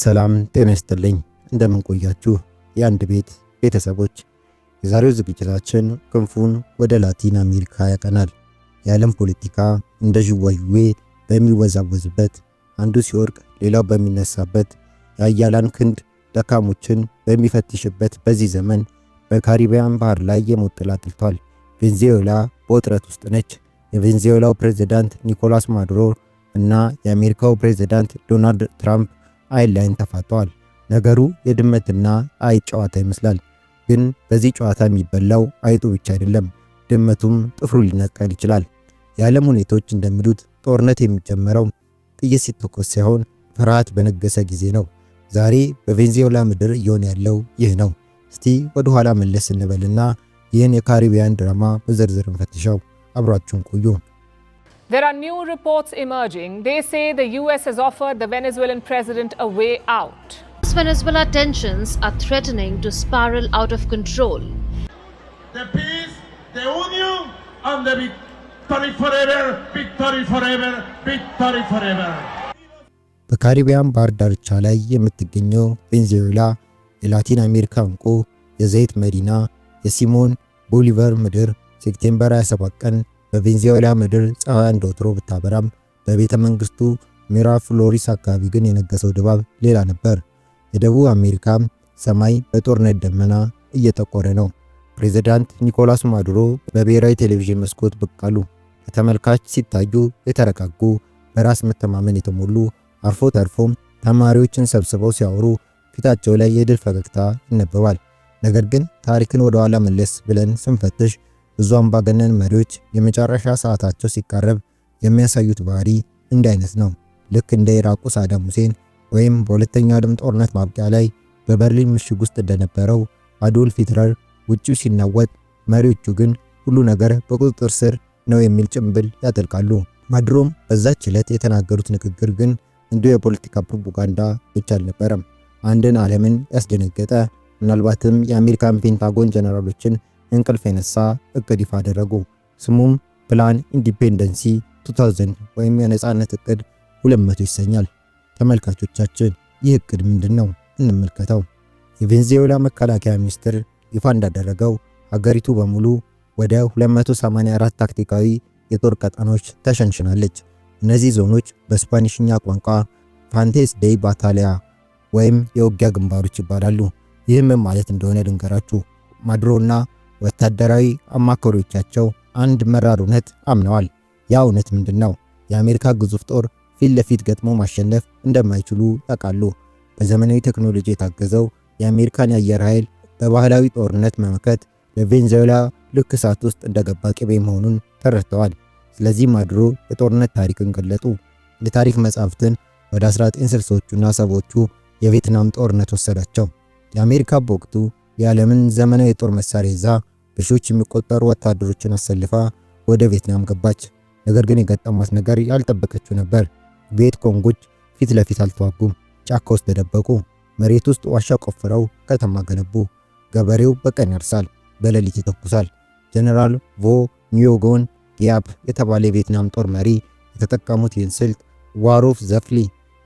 ሰላም ጤና ይስጥልኝ። እንደምን ቆያችሁ የአንድ ቤት ቤተሰቦች? የዛሬው ዝግጅታችን ክንፉን ወደ ላቲን አሜሪካ ያቀናል። የዓለም ፖለቲካ እንደ ዥዋዥዌ በሚወዛወዝበት አንዱ ሲወርቅ ሌላው በሚነሳበት የአያላን ክንድ ደካሞችን በሚፈትሽበት በዚህ ዘመን በካሪቢያን ባህር ላይ የሞት ጥላ ጥልቷል። ቬንዙዌላ በውጥረት ውስጥ ነች። የቬንዙዌላው ፕሬዚዳንት ኒኮላስ ማዱሮ እና የአሜሪካው ፕሬዚዳንት ዶናልድ ትራምፕ አይን ላይን ተፋጠዋል። ነገሩ የድመትና አይጥ ጨዋታ ይመስላል። ግን በዚህ ጨዋታ የሚበላው አይጡ ብቻ አይደለም፣ ድመቱም ጥፍሩ ሊነቀል ይችላል። የዓለም ሁኔታዎች እንደሚሉት ጦርነት የሚጀመረው ጥይት ሲተኮስ ሳይሆን ፍርሃት በነገሰ ጊዜ ነው። ዛሬ በቬንዙዌላ ምድር እየሆነ ያለው ይህ ነው። እስቲ ወደ ኋላ መለስ እንበልና ይህን የካሪቢያን ድራማ በዝርዝር እንፈትሸው። አብራችሁን ቆዩ። There are new reports emerging. They say the US has offered the Venezuelan president a way out. Venezuela tensions are threatening to spiral out of control. The peace, the union, and the victory forever, victory forever, victory forever. በካሪቢያን ባህር ዳርቻ ላይ የምትገኘው ቬንዙዌላ የላቲን አሜሪካ እንቁ የዘይት መዲና የሲሞን ቦሊቨር ምድር ሴፕቴምበር 27 ቀን በቬንዙዌላ ምድር ፀሐይ እንደ ወትሮ ብታበራም በቤተ መንግስቱ ሚራፍሎሪስ አካባቢ ግን የነገሰው ድባብ ሌላ ነበር። የደቡብ አሜሪካ ሰማይ በጦርነት ደመና እየጠቆረ ነው። ፕሬዚዳንት ኒኮላስ ማዱሮ በብሔራዊ ቴሌቪዥን መስኮት ብቅ አሉ። ከተመልካች ሲታዩ የተረጋጉ በራስ መተማመን የተሞሉ አርፎ ተርፎም ተማሪዎችን ሰብስበው ሲያወሩ ፊታቸው ላይ የድል ፈገግታ ይነበባል። ነገር ግን ታሪክን ወደኋላ መለስ ብለን ስንፈትሽ ብዙ አምባገነን መሪዎች የመጨረሻ ሰዓታቸው ሲቃረብ የሚያሳዩት ባህሪ እንዲህ አይነት ነው። ልክ እንደ ኢራቁ ሳዳም ሁሴን ወይም በሁለተኛው ዓለም ጦርነት ማብቂያ ላይ በበርሊን ምሽግ ውስጥ እንደነበረው አዶልፍ ሂትለር ውጪው ሲናወጥ፣ መሪዎቹ ግን ሁሉ ነገር በቁጥጥር ስር ነው የሚል ጭምብል ያጠልቃሉ። ማድሮም በዛች ዕለት የተናገሩት ንግግር ግን እንዲሁ የፖለቲካ ፕሮፓጋንዳ ብቻ አልነበረም። አንድን ዓለምን ያስደነገጠ ምናልባትም የአሜሪካን ፔንታጎን ጀነራሎችን እንቅልፍ የነሳ እቅድ ይፋ አደረጉ። ስሙም ፕላን ኢንዲፔንደንሲ 2000 ወይም የነፃነት እቅድ 200 ይሰኛል። ተመልካቾቻችን ይህ እቅድ ምንድን ነው? እንመልከተው። የቬንዙዌላ መከላከያ ሚኒስትር ይፋ እንዳደረገው ሀገሪቱ በሙሉ ወደ 284 ታክቲካዊ የጦር ቀጠኖች ተሸንሽናለች። እነዚህ ዞኖች በስፓኒሽኛ ቋንቋ ፋንቴስ ዴይ ባታሊያ ወይም የውጊያ ግንባሮች ይባላሉ። ይህም ማለት እንደሆነ ልንገራችሁ ማድሮና ወታደራዊ አማካሪዎቻቸው አንድ መራር እውነት አምነዋል። ያ እውነት ምንድን ነው? የአሜሪካ ግዙፍ ጦር ፊት ለፊት ገጥሞ ማሸነፍ እንደማይችሉ ያውቃሉ። በዘመናዊ ቴክኖሎጂ የታገዘው የአሜሪካን የአየር ኃይል በባህላዊ ጦርነት መመከት ለቬንዙዌላ ልክ እሳት ውስጥ እንደገባ ቅቤ መሆኑን ተረድተዋል። ስለዚህ አድሮ የጦርነት ታሪክን ገለጡ። የታሪክ መጻሕፍትን ወደ 1960ዎቹና ሰባዎቹ የቪየትናም ጦርነት ወሰዳቸው። የአሜሪካ በወቅቱ የዓለምን ዘመናዊ የጦር መሳሪያ ይዛ በሺዎች የሚቆጠሩ ወታደሮችን አሰልፋ ወደ ቪየትናም ገባች። ነገር ግን የገጠማት ነገር ያልጠበቀችው ነበር። ቪየት ኮንጎች ፊት ለፊት አልተዋጉም፣ ጫካ ውስጥ ተደበቁ። መሬት ውስጥ ዋሻ ቆፍረው ከተማ ገነቡ። ገበሬው በቀን ያርሳል፣ በሌሊት ይተኩሳል። ጀነራል ቮ ኒዮጎን ጊያፕ የተባለ የቪየትናም ጦር መሪ የተጠቀሙት ይህን ስልት ዋሩፍ ዘፍሊ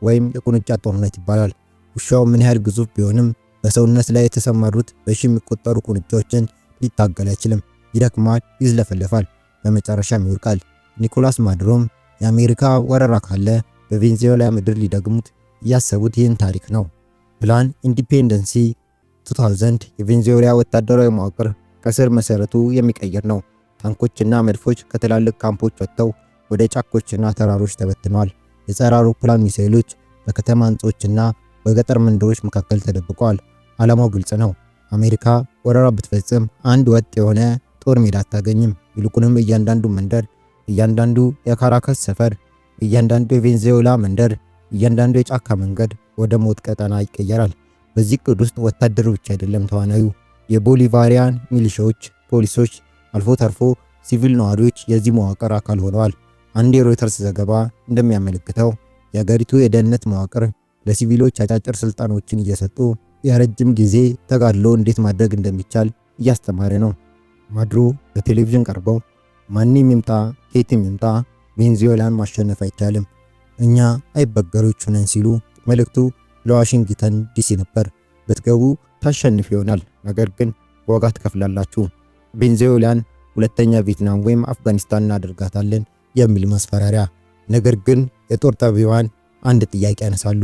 ወይም የቁንጫ ጦርነት ይባላል። ውሻው ምን ያህል ግዙፍ ቢሆንም በሰውነት ላይ የተሰማሩት በሺ የሚቆጠሩ ቁንጫዎችን ሊታገል አይችልም። ይደክማል፣ ይዝለፈልፋል፣ በመጨረሻም ይወድቃል። ኒኮላስ ማዱሮም የአሜሪካ ወረራ ካለ በቬንዙዌላ ምድር ሊደግሙት ያሰቡት ይህን ታሪክ ነው። ፕላን ኢንዲፔንደንሲ 2000 የቬንዙዌላ ወታደራዊ መዋቅር ከስር መሰረቱ የሚቀይር ነው። ታንኮችና መድፎች ከትላልቅ ካምፖች ወጥተው ወደ ጫኮችና ተራሮች ተበትነዋል። የጸረ አውሮፕላን ሚሳኤሎች በከተማ ህንጾችና በገጠር መንደሮች መካከል ተደብቀዋል። ዓላማው ግልጽ ነው። አሜሪካ ወረራ ብትፈጽም አንድ ወጥ የሆነ ጦር ሜዳ አታገኝም። ይልቁንም እያንዳንዱ መንደር፣ እያንዳንዱ የካራከስ ሰፈር፣ እያንዳንዱ የቬንዙዌላ መንደር፣ እያንዳንዱ የጫካ መንገድ ወደ ሞት ቀጠና ይቀየራል። በዚህ ቅድ ውስጥ ወታደሩ ብቻ አይደለም ተዋናዩ። የቦሊቫሪያን ሚሊሻዎች፣ ፖሊሶች፣ አልፎ ተርፎ ሲቪል ነዋሪዎች የዚህ መዋቅር አካል ሆነዋል። አንድ የሮይተርስ ዘገባ እንደሚያመለክተው የአገሪቱ የደህንነት መዋቅር ለሲቪሎች አጫጭር ስልጣኖችን እየሰጡ የረጅም ጊዜ ተጋድሎ እንዴት ማድረግ እንደሚቻል እያስተማረ ነው። ማድሮ በቴሌቪዥን ቀርበው ማንም ይምጣ ከየትም ይምጣ ቬንዙዌላን ማሸነፍ አይቻልም፣ እኛ አይበገሮቹ ነን ሲሉ መልእክቱ ለዋሽንግተን ዲሲ ነበር። ብትገቡ ታሸንፍ ይሆናል፣ ነገር ግን ዋጋ ትከፍላላችሁ። ቬንዙዌላን ሁለተኛ ቪየትናም ወይም አፍጋኒስታን እናደርጋታለን የሚል ማስፈራሪያ። ነገር ግን የጦር ጠቢዋን አንድ ጥያቄ ያነሳሉ።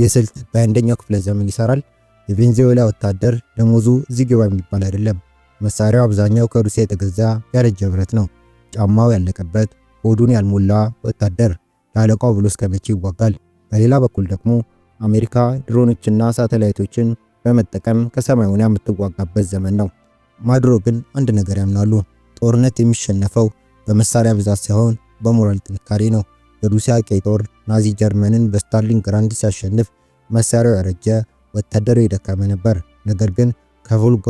ይህ ስልት በአንደኛው ክፍለ ዘመን ይሰራል የቬንዙዌላ ወታደር ደሞዙ እዚህ ግባ የሚባል አይደለም። መሳሪያው አብዛኛው ከሩሲያ የተገዛ ያረጀ ብረት ነው። ጫማው ያለቀበት ሆዱን ያልሞላ ወታደር ለአለቃው ብሎ እስከ መቼ ይዋጋል? በሌላ በኩል ደግሞ አሜሪካ ድሮኖችና ሳተላይቶችን በመጠቀም ከሰማይ ሆና የምትዋጋበት ዘመን ነው። ማድሮ ግን አንድ ነገር ያምናሉ። ጦርነት የሚሸነፈው በመሳሪያ ብዛት ሳይሆን በሞራል ጥንካሬ ነው። የሩሲያ ቀይ ጦር ናዚ ጀርመንን በስታሊንግራንድ ሲያሸንፍ መሳሪያው ያረጀ ወታደሩ የደከመ ነበር። ነገር ግን ከቮልጎ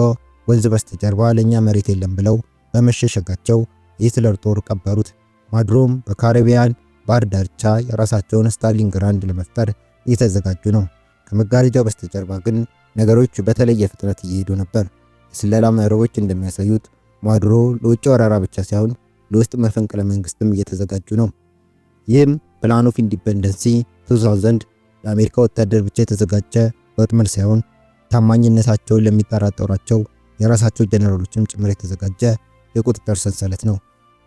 ወንዝ በስተጀርባ ለእኛ መሬት የለም ብለው በመሸሸጋቸው የሂትለር ጦር ቀበሩት። ማድሮም በካሪቢያን ባህር ዳርቻ የራሳቸውን ስታሊንግራንድ ለመፍጠር እየተዘጋጁ ነው። ከመጋረጃው በስተጀርባ ግን ነገሮች በተለየ ፍጥነት እየሄዱ ነበር። የስለላ መረቦች እንደሚያሳዩት ማድሮ ለውጭ ወረራ ብቻ ሳይሆን ለውስጥ መፈንቅለ መንግስትም እየተዘጋጁ ነው። ይህም ፕላን ኦፍ ኢንዲፐንደንሲ 2000 ዘንድ ለአሜሪካ ወታደር ብቻ የተዘጋጀ በጥምር ሳይሆን ታማኝነታቸውን ለሚጠራጠሯቸው የራሳቸው ጀነራሎችም ጭምር የተዘጋጀ የቁጥጥር ሰንሰለት ነው።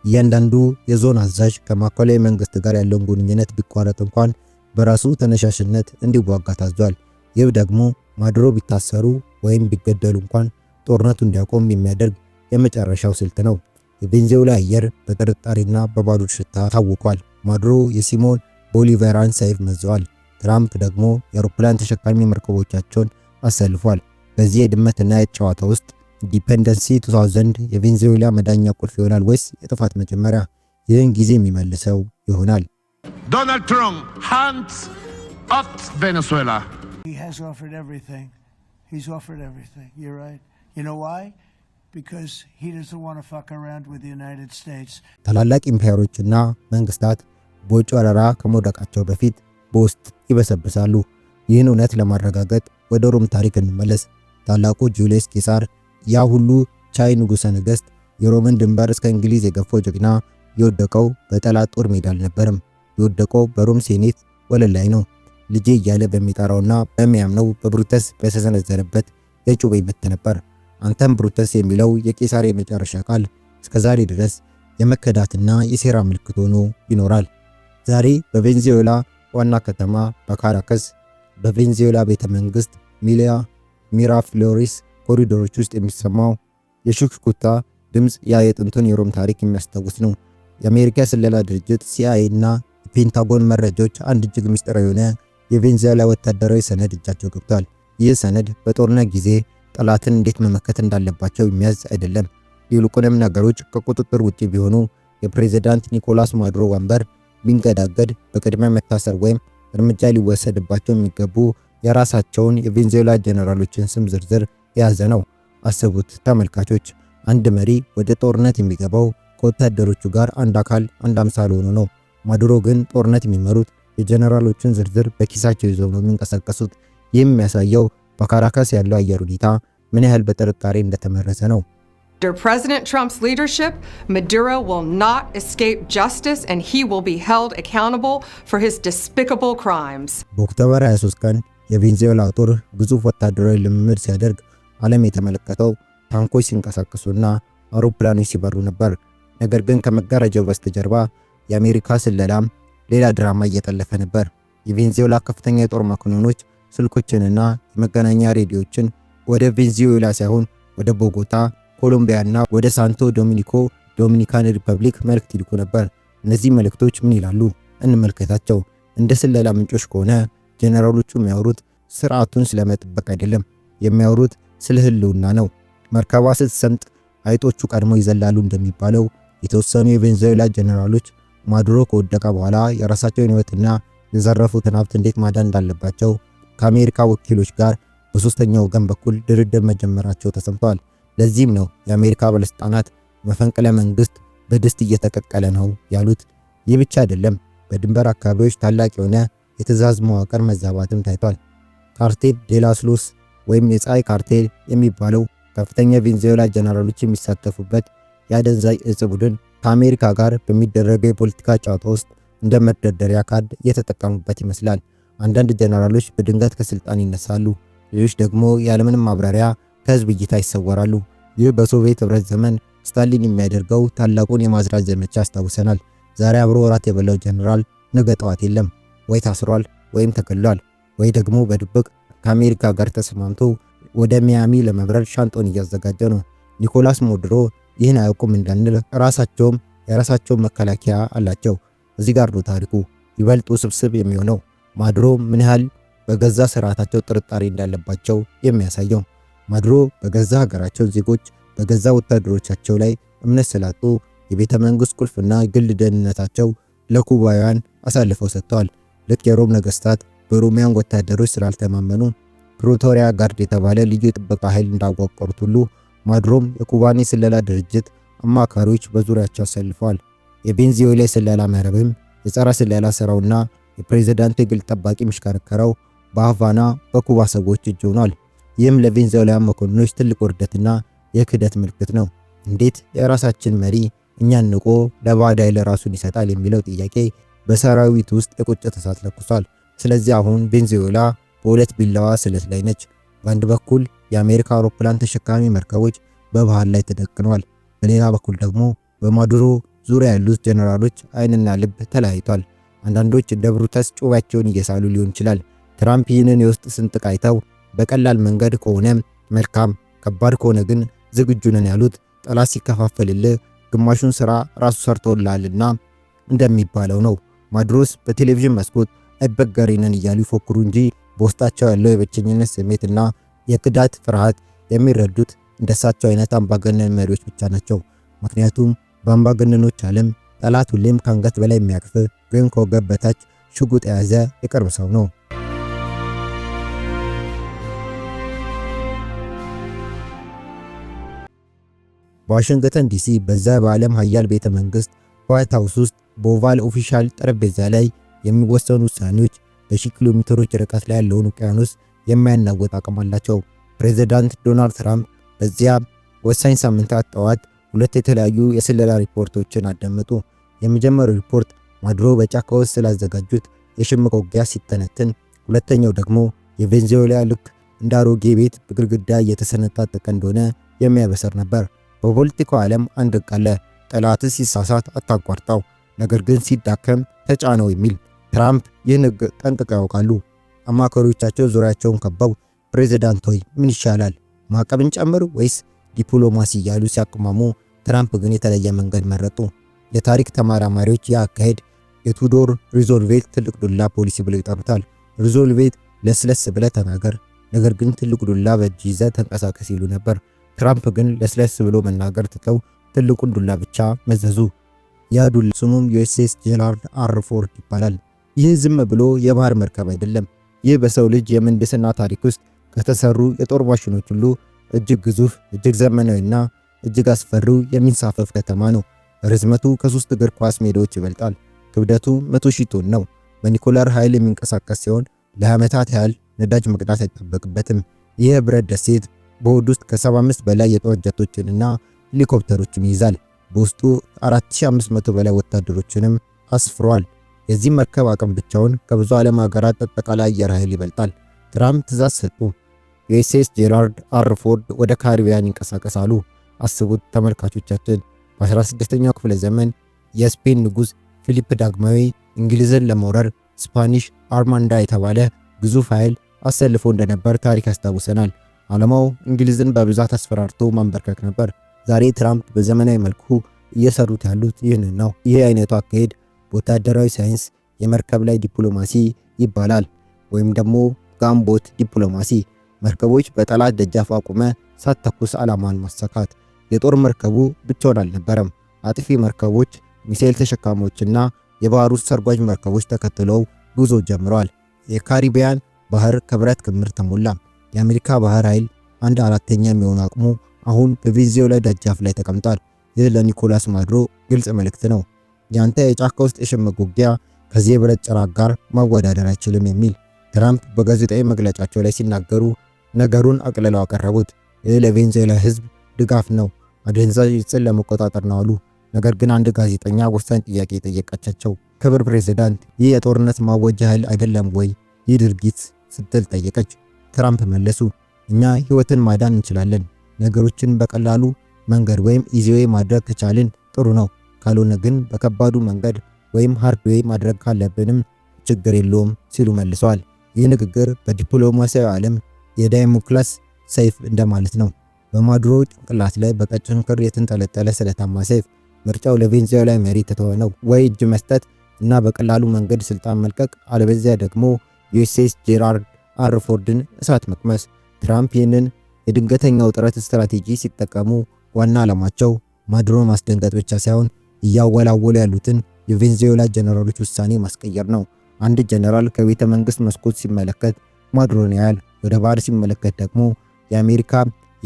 እያንዳንዱ የዞን አዛዥ ከማዕከላዊ መንግስት ጋር ያለውን ግንኙነት ቢቋረጥ እንኳን በራሱ ተነሻሽነት እንዲዋጋ ታዟል። ይህ ደግሞ ማድሮ ቢታሰሩ ወይም ቢገደሉ እንኳን ጦርነቱ እንዲያቆም የሚያደርግ የመጨረሻው ስልት ነው። የቬንዙዌላ አየር በጥርጣሬና በባዶ ሽታ ታውቋል። ማድሮ የሲሞን ቦሊቨራን ሰይፍ መዘዋል። ትራምፕ ደግሞ የአውሮፕላን ተሸካሚ መርከቦቻቸውን አሰልፏል። በዚህ የድመትና ጨዋታ ውስጥ ኢንዲፔንደንሲ 2000 የቬንዙዌላ መዳኛ ቁልፍ ይሆናል ወይስ የጥፋት መጀመሪያ? ይህን ጊዜ የሚመልሰው ይሆናል። ዶናልድ ትራምፕ ሃንድስ ኦፍ ቬኔዙዌላ ታላላቅ ኢምፓየሮችና መንግስታት በውጭ ወረራ ከመውደቃቸው በፊት በውስጥ ይበሰብሳሉ። ይህን እውነት ለማረጋገጥ ወደ ሮም ታሪክ እንመለስ። ታላቁ ጁልየስ ቄሳር፣ ያ ሁሉ ቻይ ንጉሠ ነገሥት፣ የሮምን ድንበር እስከ እንግሊዝ የገፈው ጀግና የወደቀው በጠላት ጦር ሜዳ አልነበረም። የወደቀው በሮም ሴኔት ወለል ላይ ነው። ልጄ እያለ በሚጠራውና በሚያምነው በብሩተስ በተሰነዘረበት የጩቤ ምት ነበር። አንተም ብሩተስ የሚለው የቄሳር የመጨረሻ ቃል እስከ ዛሬ ድረስ የመከዳትና የሴራ ምልክት ሆኖ ይኖራል። ዛሬ በቬንዙዌላ ዋና ከተማ በካራከስ በቬንዙዌላ ቤተ መንግስት ሚሊያ ሚራፍሎሪስ ኮሪዶሮች ውስጥ የሚሰማው የሹክሹክታ ድምፅ ያ የጥንቱን የሮም ታሪክ የሚያስታውስ ነው። የአሜሪካ ስለላ ድርጅት ሲአይኤ እና የፔንታጎን መረጃዎች አንድ እጅግ ምስጥር የሆነ የቬንዙዌላ ወታደራዊ ሰነድ እጃቸው ገብቷል። ይህ ሰነድ በጦርነት ጊዜ ጠላትን እንዴት መመከት እንዳለባቸው የሚያዝ አይደለም። ይልቁንም ነገሮች ከቁጥጥር ውጭ ቢሆኑ የፕሬዝዳንት ኒኮላስ ማዱሮ ወንበር ቢንገዳገድ በቅድሚያ መታሰር ወይም እርምጃ ሊወሰድባቸው የሚገቡ የራሳቸውን የቬንዙዌላ ጀነራሎችን ስም ዝርዝር የያዘ ነው። አስቡት ተመልካቾች፣ አንድ መሪ ወደ ጦርነት የሚገባው ከወታደሮቹ ጋር አንድ አካል አንድ አምሳል ሆኖ ነው። ማዱሮ ግን ጦርነት የሚመሩት የጀነራሎችን ዝርዝር በኪሳቸው ይዘው ነው የሚንቀሳቀሱት። ይህም የሚያሳየው በካራካስ ያለው አየር ሁኔታ ምን ያህል በጥርጣሬ እንደተመረሰ ነው። Under President Trump's leadership, Maduro will not escape justice and he will be held accountable for his despicable crimes. በኦክቶበር 23 ቀን የቬንዙዌላ ጦር ግዙፍ ወታደራዊ ልምምድ ሲያደርግ ዓለም የተመለከተው ታንኮች ሲንቀሳቀሱና አውሮፕላኖች ሲበሩ ነበር። ነገር ግን ከመጋረጃው በስተጀርባ የአሜሪካ ስለላም ሌላ ድራማ እየጠለፈ ነበር። የቬንዙዌላ ከፍተኛ የጦር መኮንኖች ስልኮችንና የመገናኛ ሬዲዮችን ወደ ቬንዙዌላ ሳይሆን ወደ ቦጎታ ኮሎምቢያና ወደ ሳንቶ ዶሚኒኮ ዶሚኒካን ሪፐብሊክ መልእክት ይልኩ ነበር። እነዚህ መልእክቶች ምን ይላሉ? እንመልከታቸው። እንደ ስለላ ምንጮች ከሆነ ጀነራሎቹ የሚያወሩት ስርዓቱን ስለመጠበቅ አይደለም፣ የሚያወሩት ስለ ህልውና ነው። መርከቧ ስትሰምጥ አይጦቹ ቀድሞ ይዘላሉ እንደሚባለው የተወሰኑ የቬንዙዌላ ጀነራሎች ማዱሮ ከወደቀ በኋላ የራሳቸውን ህይወትና የዘረፉትን ሀብት እንዴት ማዳን እንዳለባቸው ከአሜሪካ ወኪሎች ጋር በሶስተኛ ወገን በኩል ድርድር መጀመራቸው ተሰምተዋል። ለዚህም ነው የአሜሪካ ባለስልጣናት መፈንቅለ መንግስት በድስት እየተቀቀለ ነው ያሉት። ይህ ብቻ አይደለም፣ በድንበር አካባቢዎች ታላቅ የሆነ የትእዛዝ መዋቅር መዛባትም ታይቷል። ካርቴል ዴላስሎስ ወይም የፀሐይ ካርቴል የሚባለው ከፍተኛ ቬንዙዌላ ጀነራሎች የሚሳተፉበት የአደንዛዥ እጽ ቡድን ከአሜሪካ ጋር በሚደረገው የፖለቲካ ጨዋታ ውስጥ እንደ መደርደሪያ ካርድ እየተጠቀሙበት ይመስላል። አንዳንድ ጀነራሎች በድንገት ከስልጣን ይነሳሉ፣ ሌሎች ደግሞ ያለምንም ማብራሪያ ከህዝብ እይታ ይሰወራሉ። ይህ በሶቪየት ህብረት ዘመን ስታሊን የሚያደርገው ታላቁን የማጽዳት ዘመቻ ያስታውሰናል። ዛሬ አብሮ እራት የበላው ጀነራል ነገ ጠዋት የለም፣ ወይ ታስሯል፣ ወይም ተገሏል፣ ወይ ደግሞ በድብቅ ከአሜሪካ ጋር ተስማምቶ ወደ ሚያሚ ለመብረር ሻንጦን እያዘጋጀ ነው። ኒኮላስ ሞድሮ ይህን አያውቁም እንዳንል ራሳቸውም የራሳቸውን መከላከያ አላቸው። እዚህ ጋር ነው ታሪኩ ይበልጥ ውስብስብ የሚሆነው ማድሮ ምን ያህል በገዛ ስርዓታቸው ጥርጣሬ እንዳለባቸው የሚያሳየው። ማድሮ በገዛ ሀገራቸው ዜጎች በገዛ ወታደሮቻቸው ላይ እምነት ስላጡ የቤተ መንግስት ቁልፍና ግል ደህንነታቸው ለኩባውያን አሳልፈው ሰጥተዋል። ልክ የሮም ነገስታት በሮሚያን ወታደሮች ስላልተማመኑ ፕሪቶሪያ ጋርድ የተባለ ልዩ የጥበቃ ኃይል እንዳቋቋሩት ሁሉ ማድሮም የኩባኔ ስለላ ድርጅት አማካሪዎች በዙሪያቸው አሰልፈዋል። የቤንዚዮላ ስለላ መረብም የጸረ ስለላ ስራውና የፕሬዝዳንት የግል ጠባቂ ምሽከርከረው በሀቫና በኩባ ሰዎች እጅ ሆኗል። ይህም ለቬንዛውያን መኮንኖች ትልቅ ውርደትና የክህደት ምልክት ነው። እንዴት የራሳችን መሪ እኛን ንቆ ለባዕዳይ ለራሱን ይሰጣል የሚለው ጥያቄ በሰራዊት ውስጥ የቁጭት እሳት ለኩሷል። ስለዚህ አሁን ቬንዙዌላ በሁለት ቢላዋ ስለት ላይ ነች። በአንድ በኩል የአሜሪካ አውሮፕላን ተሸካሚ መርከቦች በባህር ላይ ተደቅነዋል። በሌላ በኩል ደግሞ በማዱሮ ዙሪያ ያሉት ጀነራሎች ዓይንና ልብ ተለያይቷል። አንዳንዶች እንደ ብሩተስ ጩቤያቸውን እየሳሉ ሊሆን ይችላል። ትራምፕ ይህንን የውስጥ ስንጥቅ አይተው በቀላል መንገድ ከሆነ መልካም፣ ከባድ ከሆነ ግን ዝግጁ ነን ያሉት ጠላት ሲከፋፈልልህ ግማሹን ስራ ራሱ ሰርቶላልና እንደሚባለው ነው። ማድሮስ በቴሌቪዥን መስኮት አይበገሬ ነን እያሉ ይፎክሩ እንጂ በውስጣቸው ያለው የብቸኝነት ስሜትና የክዳት ፍርሃት የሚረዱት እንደሳቸው አይነት አምባገነን መሪዎች ብቻ ናቸው። ምክንያቱም በአምባገነኖች ዓለም ጠላት ሁሌም ከአንገት በላይ የሚያቅፍ ወይም ከወገብ በታች ሽጉጥ የያዘ የቅርብ ሰው ነው። ዋሽንግተን ዲሲ በዛ በዓለም ሀያል ቤተ መንግስት ዋይት ሃውስ ውስጥ በኦቫል ኦፊሻል ጠረጴዛ ላይ የሚወሰኑ ውሳኔዎች በሺ ኪሎ ሜትሮች ርቀት ላይ ያለውን ውቅያኖስ የማያናወጥ አቅም አላቸው። ፕሬዚዳንት ዶናልድ ትራምፕ በዚያ ወሳኝ ሳምንታት ጠዋት ሁለት የተለያዩ የስለላ ሪፖርቶችን አደመጡ። የመጀመሪያው ሪፖርት ማድሮ በጫካ ውስጥ ስላዘጋጁት የሽምቅ ውጊያ ሲተነትን፣ ሁለተኛው ደግሞ የቬንዙዌላ ልክ እንደ አሮጌ ቤት በግድግዳ እየተሰነጣጠቀ እንደሆነ የሚያበሰር ነበር። በፖለቲካው ዓለም አንደቃለ ጠላት ሲሳሳት አታቋርጠው፣ ነገር ግን ሲዳከም ተጫነው የሚል ትራምፕ ይህን ሕግ ጠንቅቀው ያውቃሉ። አማካሪዎቻቸው ዙሪያቸውን ከበው ፕሬዚዳንት ሆይ ምን ይሻላል ማዕቀብን ጨምር ወይስ ዲፕሎማሲ እያሉ ሲያቅማሙ፣ ትራምፕ ግን የተለየ መንገድ መረጡ። የታሪክ ተመራማሪዎች ያ አካሄድ የቱዶር ሪዞልቬት ትልቅ ዱላ ፖሊሲ ብለው ይጠሩታል። ሪዞልቬት ለስለስ ብለ ተናገር፣ ነገር ግን ትልቅ ዱላ በእጅ ይዘ ተንቀሳቀስ ይሉ ነበር። ትራምፕ ግን ለስለስ ብሎ መናገር ትተው ትልቁን ዱላ ብቻ መዘዙ። ያ ዱላ ስሙም ዩኤስኤስ ጄራልድ አር ፎርድ ይባላል። ይህ ዝም ብሎ የባህር መርከብ አይደለም። ይህ በሰው ልጅ የምህንድስና ታሪክ ውስጥ ከተሰሩ የጦር ማሽኖች ሁሉ እጅግ ግዙፍ፣ እጅግ ዘመናዊና እጅግ አስፈሪው የሚንሳፈፍ ከተማ ነው። ርዝመቱ ከሶስት እግር ኳስ ሜዳዎች ይበልጣል። ክብደቱ 100 ሺህ ቶን ነው። በኒኮላር ኃይል የሚንቀሳቀስ ሲሆን ለዓመታት ያህል ነዳጅ መቅዳት አይጠበቅበትም። ይህ ብረት ደሴት በሆድ ውስጥ ከ75 በላይ የጦር ጀቶችንና ሄሊኮፕተሮችን ይይዛል። በውስጡ 4500 በላይ ወታደሮችንም አስፍሯል። የዚህ መርከብ አቅም ብቻውን ከብዙ ዓለም ሀገራት አጠቃላይ አየር ኃይል ይበልጣል። ትራምፕ ትእዛዝ ሰጡ። ዩኤስኤስ ጄራርድ አር ፎርድ ወደ ካሪቢያን ይንቀሳቀሳሉ። አስቡት ተመልካቾቻችን፣ በ16ኛው ክፍለ ዘመን የስፔን ንጉሥ ፊሊፕ ዳግማዊ እንግሊዝን ለመውረር ስፓኒሽ አርማንዳ የተባለ ግዙፍ ኃይል አሰልፎ እንደነበር ታሪክ ያስታውሰናል። ዓላማው እንግሊዝን በብዛት አስፈራርቶ ማንበርከክ ነበር። ዛሬ ትራምፕ በዘመናዊ መልኩ እየሰሩት ያሉት ይህንን ነው። ይህ አይነቱ አካሄድ በወታደራዊ ሳይንስ የመርከብ ላይ ዲፕሎማሲ ይባላል፣ ወይም ደግሞ ጋምቦት ዲፕሎማሲ። መርከቦች በጠላት ደጃፍ አቁመ ሳትተኩስ ዓላማን ማሳካት። የጦር መርከቡ ብቻውን አልነበረም። አጥፊ መርከቦች፣ ሚሳኤል ተሸካሚዎችና የባህር ውስጥ ሰርጓጅ መርከቦች ተከትለው ጉዞ ጀምረዋል። የካሪቢያን ባህር ከብረት ክምር ተሞላ። የአሜሪካ ባህር ኃይል አንድ አራተኛ የሚሆን አቅሙ አሁን በቬኔዙዌላ ደጃፍ ላይ ተቀምጧል። ይህ ለኒኮላስ ማድሮ ግልጽ መልእክት ነው። ያንተ የጫካ ውስጥ የሽምቅ ውጊያ ከዚህ የብረት ጭራቅ ጋር ማወዳደር አይችልም የሚል ትራምፕ በጋዜጣዊ መግለጫቸው ላይ ሲናገሩ ነገሩን አቅልለው አቀረቡት። ይህ ለቬንዙዌላ ሕዝብ ድጋፍ ነው፣ አደንዛዥ ዕፅን ለመቆጣጠር ነው አሉ። ነገር ግን አንድ ጋዜጠኛ ወሳኝ ጥያቄ ጠየቃቻቸው። ክብር ፕሬዚዳንት፣ ይህ የጦርነት ማወጃ ኃይል አይደለም ወይ ይህ ድርጊት ስትል ጠየቀች። ትራምፕ መለሱ። እኛ ህይወትን ማዳን እንችላለን። ነገሮችን በቀላሉ መንገድ ወይም ኢዚዌ ማድረግ ከቻልን ጥሩ ነው። ካልሆነ ግን በከባዱ መንገድ ወይም ሃርድዌይ ማድረግ ካለብንም ችግር የለውም ሲሉ መልሰዋል። ይህ ንግግር በዲፕሎማሲያዊ ዓለም የዳሞክለስ ሰይፍ እንደማለት ነው። በማዱሮ ጭንቅላት ላይ በቀጭን ክር የተንጠለጠለ ስለታማ ሰይፍ። ምርጫው ለቬንዙዌላ መሪ ተተወ ነው ወይ እጅ መስጠት እና በቀላሉ መንገድ ስልጣን መልቀቅ፣ አለበዚያ ደግሞ ዩኤስኤስ ጄራርድ አርፎርድን እሳት መቅመስ። ትራምፕ ይህንን የድንገተኛው ጥረት ስትራቴጂ ሲጠቀሙ ዋና ዓላማቸው ማድሮ ማስደንገጥ ብቻ ሳይሆን እያወላወሉ ያሉትን የቬንዙዌላ ጀነራሎች ውሳኔ ማስቀየር ነው። አንድ ጀነራል ከቤተ መንግስት መስኮት ሲመለከት ማድሮን ያያል። ወደ ባህር ሲመለከት ደግሞ የአሜሪካ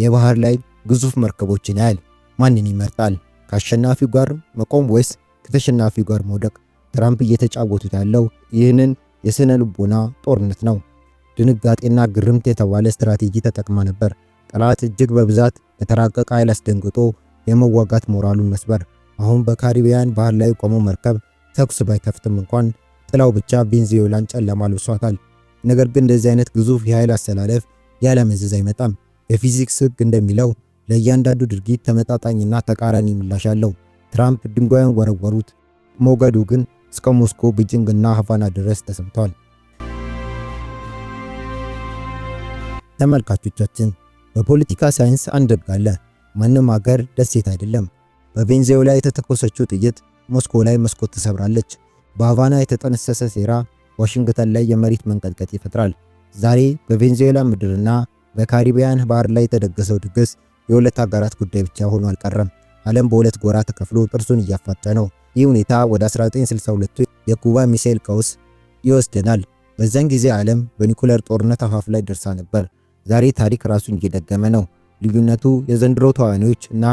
የባህር ላይ ግዙፍ መርከቦችን ያያል። ማንን ይመርጣል? ከአሸናፊው ጋር መቆም ወይስ ከተሸናፊው ጋር መውደቅ? ትራምፕ እየተጫወቱት ያለው ይህንን የስነ ልቦና ጦርነት ነው። ድንጋጤና ግርምት የተባለ ስትራቴጂ ተጠቅማ ነበር። ጠላት እጅግ በብዛት በተራቀቀ ኃይል አስደንግጦ የመዋጋት ሞራሉን መስበር። አሁን በካሪቢያን ባህር ላይ ቆመው መርከብ ተኩስ ባይከፍትም እንኳን ጥላው ብቻ ቬንዙዌላን ጨለማ ልብሷታል። ነገር ግን እንደዚህ አይነት ግዙፍ የኃይል አሰላለፍ ያለ መዘዝ አይመጣም። የፊዚክስ ሕግ እንደሚለው ለእያንዳንዱ ድርጊት ተመጣጣኝና ተቃራኒ ምላሽ አለው። ትራምፕ ድንጋዩን ወረወሩት፣ ሞገዱ ግን እስከ ሞስኮ፣ ቤጂንግና ሀቫና ድረስ ተሰምቷል። ተመልካቾቻችን በፖለቲካ ሳይንስ አንደብቃለን። ማንም ሀገር ደሴት አይደለም። በቬንዙዌላ ላይ የተተኮሰችው ጥይት ሞስኮ ላይ መስኮት ትሰብራለች። በአቫና የተጠነሰሰ ሴራ ዋሽንግተን ላይ የመሬት መንቀጥቀጥ ይፈጥራል። ዛሬ በቬንዙዌላ ምድርና በካሪቢያን ባህር ላይ የተደገሰው ድግስ የሁለት ሀገራት ጉዳይ ብቻ ሆኖ አልቀረም። ዓለም በሁለት ጎራ ተከፍሎ ጥርሱን እያፋጨ ነው። ይህ ሁኔታ ወደ 1962 የኩባ ሚሳኤል ቀውስ ይወስደናል። በዚያን ጊዜ ዓለም በኒኩለር ጦርነት አፋፍ ላይ ደርሳ ነበር። ዛሬ ታሪክ ራሱን እየደገመ ነው። ልዩነቱ የዘንድሮ ተዋናዮች እና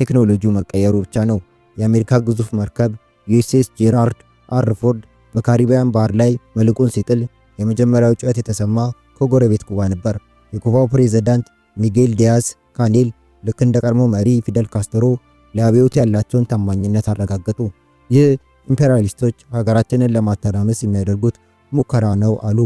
ቴክኖሎጂው መቀየሩ ብቻ ነው። የአሜሪካ ግዙፍ መርከብ ዩኤስኤስ ጄራርድ አር ፎርድ በካሪቢያን ባህር ላይ መልቁን ሲጥል የመጀመሪያው ጩኸት የተሰማ ከጎረቤት ኩባ ነበር። የኩባው ፕሬዝዳንት ሚጌል ዲያስ ካኔል ልክ እንደ ቀድሞ መሪ ፊደል ካስትሮ ለአብዮት ያላቸውን ታማኝነት አረጋገጡ። ይህ ኢምፔሪያሊስቶች ሀገራችንን ለማተራመስ የሚያደርጉት ሙከራ ነው አሉ።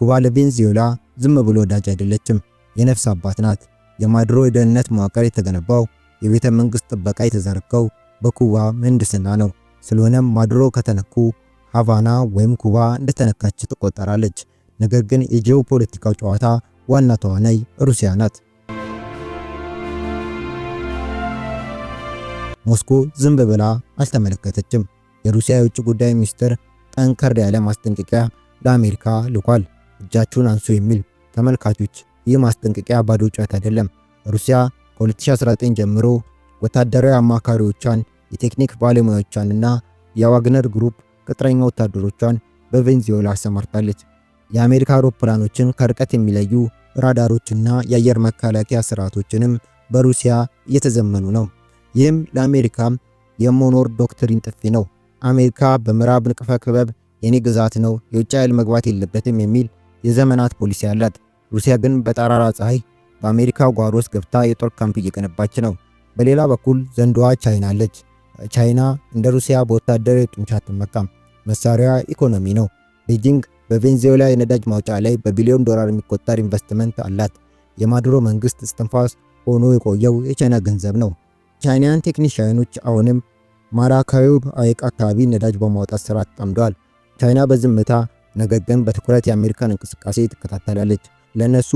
ኩባ ለቬንዙዌላ ዝም ብሎ ወዳጅ አይደለችም፣ የነፍስ አባት ናት። የማድሮ የደህንነት መዋቅር የተገነባው የቤተ መንግሥት ጥበቃ የተዘረጋው በኩባ ምህንድስና ነው። ስለሆነም ማድሮ ከተነኩ ሃቫና ወይም ኩባ እንደተነካች ትቆጠራለች። ነገር ግን የጂኦ ፖለቲካው ጨዋታ ዋና ተዋናይ ሩሲያ ናት። ሞስኮ ዝም ብላ አልተመለከተችም። የሩሲያ የውጭ ጉዳይ ሚኒስትር ጠንከር ያለ ማስጠንቀቂያ ለአሜሪካ ልኳል። እጃችሁን አንሱ የሚል ተመልካቾች፣ ይህ ማስጠንቀቂያ ባዶ ጩኸት አይደለም። ሩሲያ ከ2019 ጀምሮ ወታደራዊ አማካሪዎቿን፣ የቴክኒክ ባለሙያዎቿን እና የዋግነር ግሩፕ ቅጥረኛ ወታደሮቿን በቬንዙዌላ አሰማርታለች። የአሜሪካ አውሮፕላኖችን ከርቀት የሚለዩ ራዳሮችና የአየር መከላከያ ስርዓቶችንም በሩሲያ እየተዘመኑ ነው። ይህም ለአሜሪካ የሞኖር ዶክትሪን ጥፊ ነው። አሜሪካ በምዕራብ ንቅፈ ክበብ የኔ ግዛት ነው፣ የውጭ ኃይል መግባት የለበትም የሚል የዘመናት ፖሊሲ አላት። ሩሲያ ግን በጠራራ ፀሐይ በአሜሪካ ጓሮ ውስጥ ገብታ የጦር ካምፕ እየገነባች ነው። በሌላ በኩል ዘንዶዋ ቻይና አለች። ቻይና እንደ ሩሲያ በወታደር የጡንቻ አትመካም። መሳሪያ ኢኮኖሚ ነው። ቤጂንግ በቬንዙዌላ የነዳጅ ማውጫ ላይ በቢሊዮን ዶላር የሚቆጠር ኢንቨስትመንት አላት። የማዱሮ መንግስት እስትንፋስ ሆኖ የቆየው የቻይና ገንዘብ ነው። ቻይናን ቴክኒሽያኖች አሁንም ማራካዩ ሐይቅ አካባቢ ነዳጅ በማውጣት ስራ ተጠምደዋል። ቻይና በዝምታ ነገር ግን በትኩረት የአሜሪካን እንቅስቃሴ ትከታተላለች። ለእነሱ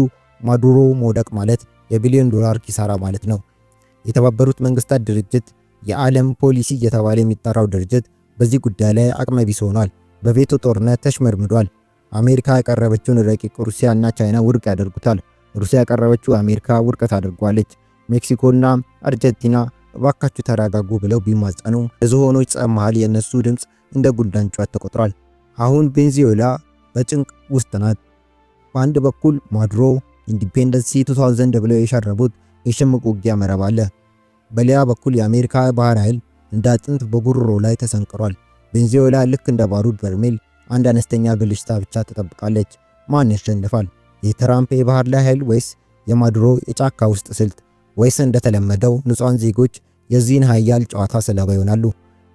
ማዱሮ መውደቅ ማለት የቢሊዮን ዶላር ኪሳራ ማለት ነው። የተባበሩት መንግስታት ድርጅት የዓለም ፖሊሲ እየተባለ የሚጠራው ድርጅት በዚህ ጉዳይ ላይ አቅመ ሆኗል። በቬቶ ጦርነት ተሽመርምዷል። አሜሪካ ያቀረበችውን ረቂቅ ሩሲያ እና ቻይና ውድቅ ያደርጉታል። ሩሲያ ያቀረበችው አሜሪካ ውድቀት አድርጓለች። ሜክሲኮና አርጀንቲና እባካችሁ ተረጋጉ ብለው ቢማጸኑም የዝሆኖች ጸብ መሃል የእነሱ ድምፅ እንደ ጉንዳን ጩኸት ተቆጥሯል። አሁን ቬንዙዌላ በጭንቅ ውስጥ ናት። በአንድ በኩል ማዱሮ ኢንዲፔንደንሲ 2000 ብለው የሸረቡት የሽምቅ ውጊያ መረብ አለ። በሌላ በኩል የአሜሪካ ባህር ኃይል እንደ አጥንት በጉሮሮ ላይ ተሰንቅሯል። ቬንዙዌላ ልክ እንደ ባሩድ በርሜል አንድ አነስተኛ ብልሽታ ብቻ ትጠብቃለች። ማን ያሸንፋል? የትራምፕ የባህር ላይ ኃይል ወይስ የማድሮ የጫካ ውስጥ ስልት? ወይስ እንደተለመደው ንጹሐን ዜጎች የዚህን ሀያል ጨዋታ ሰለባ ይሆናሉ?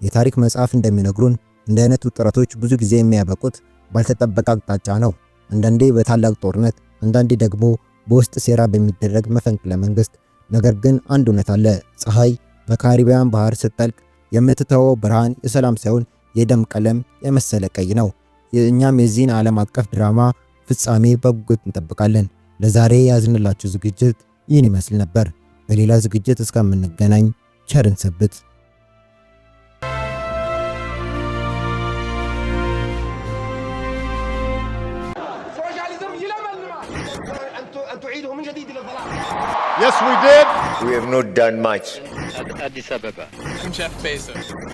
የታሪክ መጽሐፍ እንደሚነግሩን እንደ አይነቱ ጥረቶች ብዙ ጊዜ የሚያበቁት ባልተጠበቀ አቅጣጫ ነው። አንዳንዴ በታላቅ ጦርነት፣ አንዳንዴ ደግሞ በውስጥ ሴራ በሚደረግ መፈንቅለ መንግስት። ነገር ግን አንድ እውነት አለ። ፀሐይ በካሪቢያን ባህር ስትጠልቅ የምትተወው ብርሃን የሰላም ሳይሆን የደም ቀለም የመሰለ ቀይ ነው። እኛም የዚህን ዓለም አቀፍ ድራማ ፍጻሜ በጉጉት እንጠብቃለን። ለዛሬ ያዝንላችሁ ዝግጅት ይህን ይመስል ነበር። በሌላ ዝግጅት እስከምንገናኝ ቸርን ሰብት Yes, we did. We have not done much. Addis Ababa. I'm Jeff Bezos.